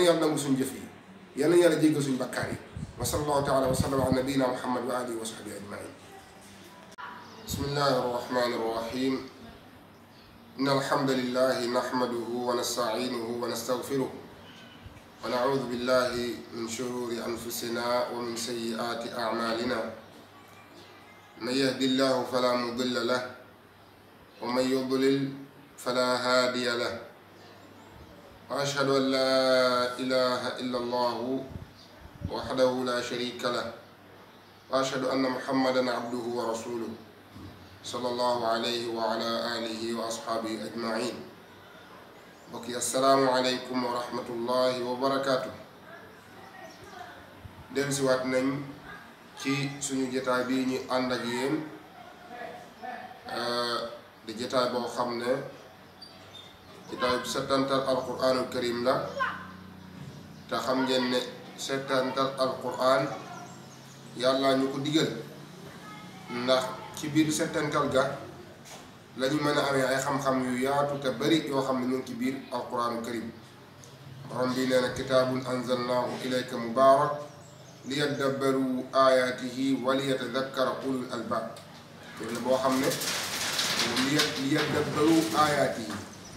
يعني يلا نمسون جفي يلا يلا جيكوزون بكاري وصلى الله تعالى وسلم على نبينا محمد وآله وصحبه أجمعين بسم الله الرحمن الرحيم إن الحمد لله نحمده ونستعينه ونستغفره ونعوذ بالله من شرور أنفسنا ومن سيئات أعمالنا من يهدي الله فلا مضل له ومن يضلل فلا هادي له وأشهد أن لا إله إلا الله وحده لا شريك له وأشهد أن محمدا عبده ورسوله صلى الله عليه وعلى آله وأصحابه أجمعين بقي السلام عليكم ورحمة الله وبركاته دم سوات نم كي سنو جتابيني jotaay bii ñu ànd كتاب ستانتر القرآن الكريم لا تخم جنة ستانتر القرآن يالا نيكو ديجل نا كبير ستانتر جا لاني مانا امي اي خم خم يو ياتو تبري خم نيو كبير القرآن الكريم رمبينا كتاب انزلناه اليك مبارك ليدبروا آياته وليتذكر كل الألباب. يقول لك بو ليدبروا آياته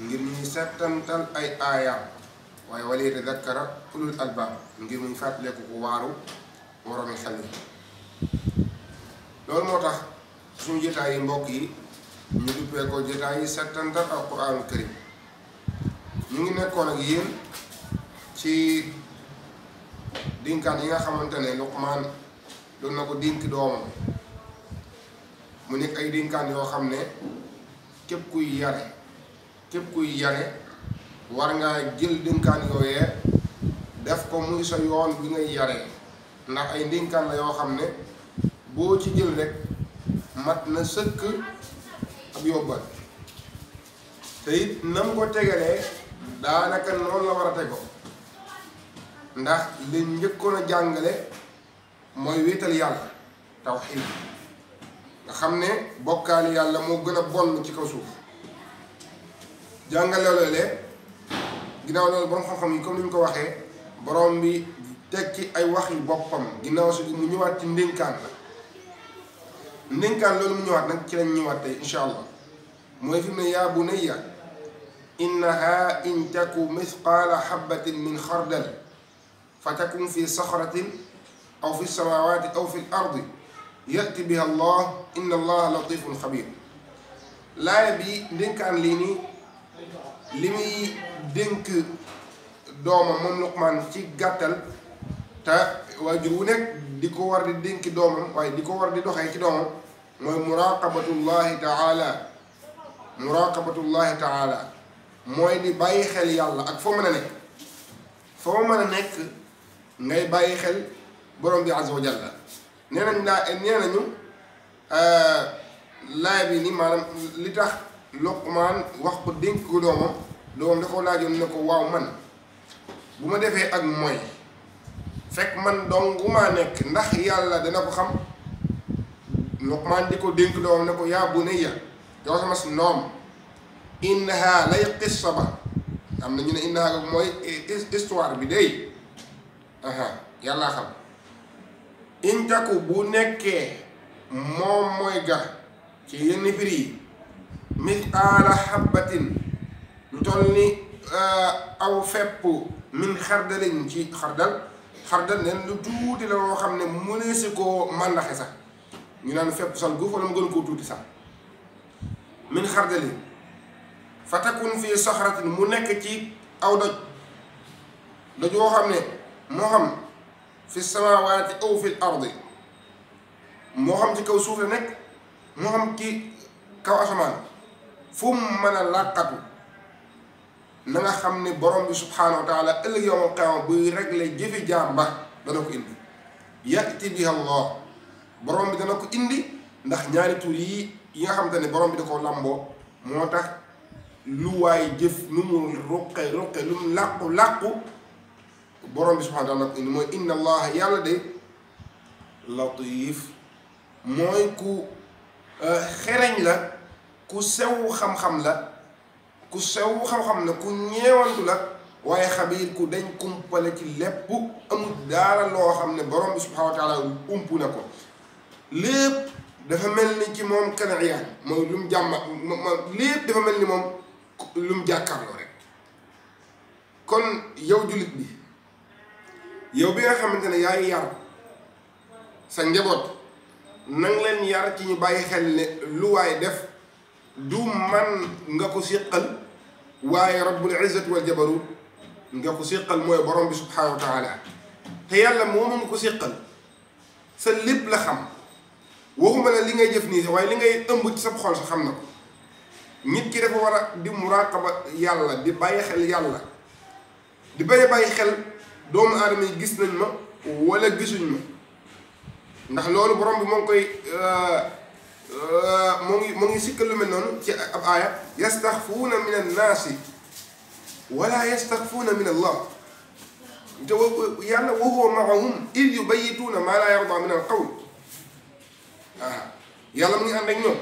ngir ñuy settantal ay way wali wala zakara ulul alba ngir mu fatlé ko ko waru xel yi loolu moo tax suñu jotaay yi mbokk yi ñu duppee ko jotaay yi settantal al quraan karim ñu ngi nekkoon ak yeen ci dinkaan yi nga xamantene luqman do na ko mu nekk ay dinkaan yoo xam ne kuy yare képp kuy yare war ngaa jël ndénkaan yooyee def ko muy sa yoon bi ngay yare ndax ay ndénkaan la yoo xam ne boo ci jël rek mat na sëkk ab yóbbal te it ko tegalee daanaka noonu la war a tego ndax li njëkkoon a jàngale mooy wéetal yàlla tawxiid nga xam ne bokkaale yàlla moo gën a bon ci kaw suuf jàngale loolee ginnaaw loolu borom xam-xam yi comme ni ñu ko waxee borom bi tekki ay wax yu boppam ginnaaw si mu ñëwaat ci ndénkaan la ndénkaan loolu mu ñëwaat nag ci lañ ñëwaat tey incha mooy fi ne yaa bunayya innaha in taku misqaala xabatin min xardal fa takun fi saxratin aw fi samaawaati aw fi l ardi yati biha allah inna allaha latifun xabir laaya bi ndénkaan lii nii li muy dénk doomam moom Luqmaan ci gàttal waa waajur wu nekk di ko war di dénki doomam waaye di ko war di doxee ci doomam mooy muraqabatullahi taala muraqabatullahi taala mooy di bàyyi xel yàlla ak foo mën a nekk foo mën a nekk ngay bàyyi xel borom bi azza wa jalla nee nañ nee nañu euh, laay bi ni maanaam li tax Loqmaan wax ko dénk ko doomam doomam da koo laajoon ne ko waaw man bu ma defee ak mooy fekk man dongu maa nekk ndax yàlla dana ko xam Loqmaan di ko dénk doomam ne ko yaa bunayya yow sama si noom innaha am na ñu ne mooy histoire bi day aha yàllaa xam in taku bu nekkee moom mooy ga ci yenn yi مثقال حبة نتولي آه، أو فبو من خردل نجي خردل خردل نين لو تود لا لو خامن مونيسكو مان لا خي صاح ني نان فبو سان غوفو لام غن كو تودي صاح من خردل فتكون في صخرة مو نيك تي أو دوج دوج وو خامن مو خام في السماوات أو في الأرض مو خام تي كو سوف نيك مو خام كي كو أسمان fu mu mën a làqatu nanga xam ne borom bi subhaanahu wa taala ëllëg yowmal qiyaama buy régler jëfi jaam ba dana ko indi yati biha allah borom bi dana ko indi ndax ñaari tur yi yi nga xamante ne borom bi da ko làmboo moo tax lu waay jëf lu mu ruqe ruqe lu mu làqu làqu borom bi subhaanahu wa taala yàlla de latif mooy ku euh, xereñ la ku sew xam-xam la ku sew xam-xam la ku ñeewantu la waaye xabiir ku dañ kumpale ci lépp amul daara loo xam ne borom bi subhanahu wa taala ump na ko lépp dafa mel ni ci moom kanayaan mooy lu mu jàmma lépp dafa mel ni moom lu mu jàkkaarloo rek kon yow jullit bi yow bi nga xamante ne yaay yar sa njaboot nang leen yar ci ñu bàyyi xel ne lu waay def دوم من نكو سيقل واي رب العزة والجبروت نكو سيقل موي بروم سبحانه وتعالى هي لا موم نكو سيقل سا ليب لا خام وخوما لا لي جيفني واي لي غاي امب سي سب خول سا خام نكو نيت كي دافا ورا دي مو مو يسكر لهم يستخفون من الناس ولا يستخفون من الله يعني وهو معهم اذ يبيتون ما لا يرضى من القول آه. يلا مني عندك نو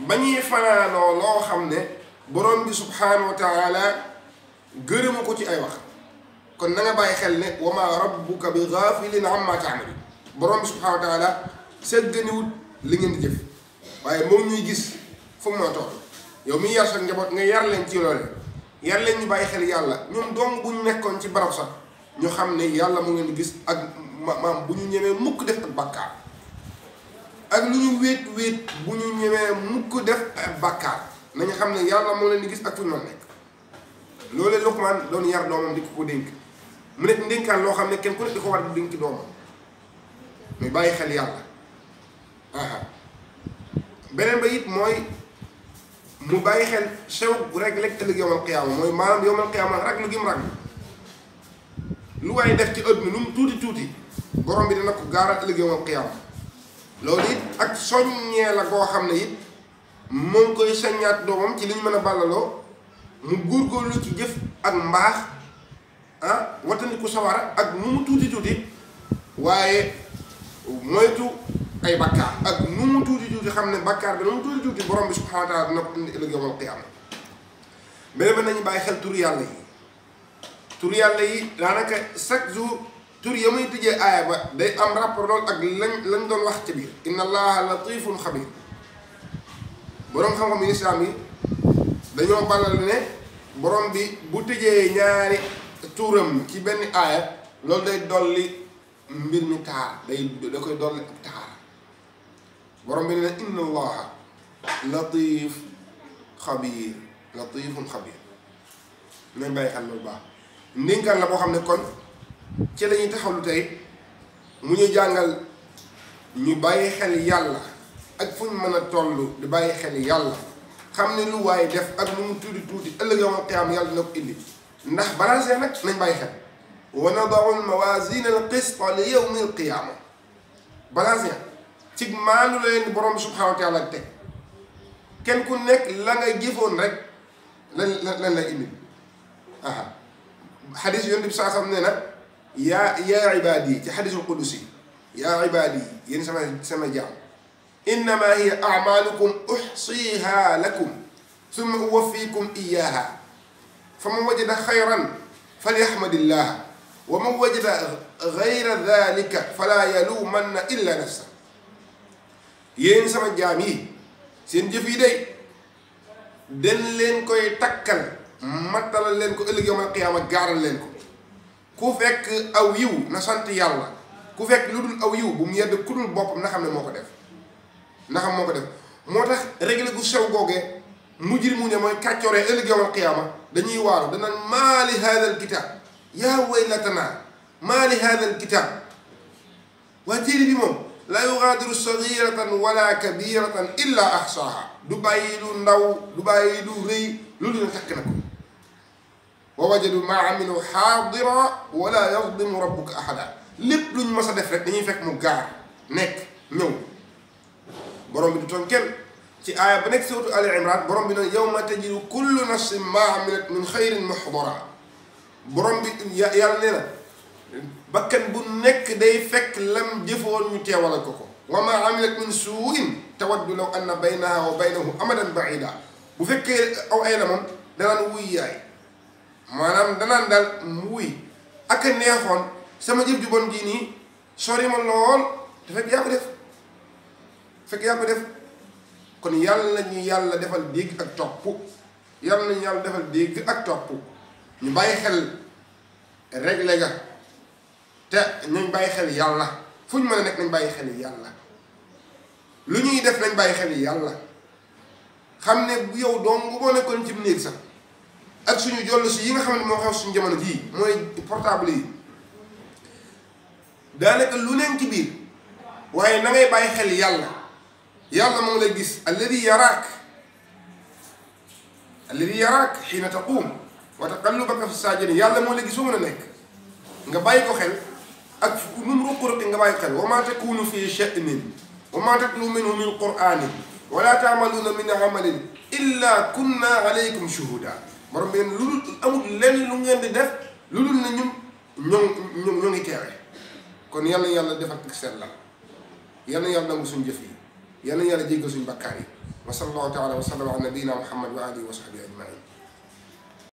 بني فانا لو خمنه بروم سبحانه وتعالى غرمكو تي اي وقت كون نغا باي خيل ني وما ربك بغافل عما تعمل بروم سبحانه وتعالى سدني ليغي ندي waaye moom ñuy gis fu mu ma yow mi yar sax njaboot nga yar leen ci loole yar leen ñu bàyyi xel yàlla ñoom doom bu ñu nekkoon ci barab sax ñu xam ne yàlla mu ngeen gis ak maam bu ñu ñemee mukk def ak bàkkaar ak lu ñu wéet wéet bu ñu def ak nañu xam ne yàlla moo leen di gis ak fu ñu mën nekk loolee Luqmaan doon yar doomam di ko ko dénk mu nekk ndénkaan loo xam ne kenn ku nekk di ko war di dénk doomam mais bàyyi xel yàlla beneen ba it mooy mu bàyyi xel sew rek lekk ëllëg yowmal qiyaama mooy maanaam yowmal qiyaama rag lu gim rag lu waaye def ci mi lu mu tuuti tuuti borom bi dina ko gaara ëllëg yowmal qiyaama loolu it ak soññee la koo xam ne it moo koy soññaat doomam ci li ñu mën a bàllaloo mu góorgóorlu ci jëf ak mbaax ah wattandiku sawara ak nu mu tuuti tuuti waaye moytu ay bakkaar xam ne bàkkaar bi moom tuuti tuuti borom bi subhanahu wa taala dina ko indi ëllëg yawmal qiyaama beneen bi nañu bàyyi xel tur yàlla yi tur yàlla yi daanaka chaque jour tur ya muy tijjee aaya ba day am rapport lool ak lañ lañ doon wax ci biir inna allaha latifun xabir boroom xam-xam yi islaam yi dañoo balal ne borom bi bu tëjee ñaari tuuram ci benn aaya loolu day dolli mbir ñu taar day da koy dolli ak taar borom bi nee na inna allaha latif xabiir latifun xabiir nañ bàyyi xel loolu baax ndénkaan la boo xam ne kon ci la ñuy taxawlu tey mu ñu jàngal ñu bàyyi xel yàlla ak fu ñu mën a toll di bàyyi xel yàlla xam ne lu waaye def ak lu mu tuuti tuuti ëllëg yawmal qiyaama yàlla dina ko indi ndax balance nag nañ bàyyi xel wa nadaul mawaazina al qista li yawmi al qiyaama balance تيك لين بروم سبحانه وتعالى تك كان كون نيك لا غاي جيفون رك لا لا لا ايمي اها حديث يوند بي صاحب يا يا عبادي في حديث القدسي يا عبادي ين سما جاء انما هي اعمالكم احصيها لكم ثم اوفيكم اياها فمن وجد خيرا فليحمد الله ومن وجد غير ذلك فلا يلومن الا نفسه yéen sama jaam yi seen jëf yi day den leen koy takkal mattalal leen ko ëllëg yawmal qiyaama gaaral leen ko ku fekk aw yiw na sant yàlla ku fekk lu dul aw yiw bu mu yedd ku dul boppam na xam ne moo ko def na xam moo ko def moo tax réglé gu sew googee mu ne mooy kàccoree ëllëg yawmal qiyaama dañuy waaru danaan maa li haadal kitaab yaa waylatanaa maa li haadal kitaab waa téere bi moom la yugaadiru sagiratan wala kabiratan illa ahsaha du bàyyi lu ndaw du bàyyi lu rëy lu dul fekk na ko wa wajadu maa amilu xaadira wala yadlimu rabbuka ahada lépp luñ mës a def rek dañuy fekk mu gaar nekk ñëw borom bi du toon kenn ci aaya ba nekk suratu ali imran borom bi nag yawma tajidu kullu nafsin maa amilat min xayrin muhdara borom bi yàlla nee na bakkan bu nek day fek lam jëfoon ñu teewalal ko ko wa ma amilat min suwin tawaddu law anna baynaha wa baynahu amadan baida bu fekke aw ay lamam da danaan wuy yaay manam da daal dal wuy ak neexon sama jëf ju bon gi ni sori ma lol da fek ya ko def fek ya ko def kon yàlla ñu yàlla defal deg ak top yàlla ñu yàlla defal deg ak top ñu baye xel règle ga te nañ bàyyi xel yàlla fu ñu mën a nekk xel yàlla lu ñuy def nañ bàyyi xel yàlla xam bu yow dong boo nekkoon ci néeg sax ak suñu joll si yi nga xam ne xew suñu jamono jii mooy portable yi daanaka lu neen ci biir waaye na ngay bàyyi xel ak nu mu ruqurati nga bàyyi xel wa maa takunu fi sha'nin wa maa tatlu minhu min qur'aanin wala taamaluuna min amalin illa kunna alaykum shuhuda borom bi ne lu amul lenn lu ngeen di def lu dul ne ñun ñoo ñoo ñoo ngi teewe kon yàlla yàlla defal ak sellal yàlla yàlla nangu suñu jëf yi yàlla yàlla jéggal suñu bakkaar yi wa sallallahu taala wa sallam ala nabiyina muhammad wa alihi wa sahbihi ajmain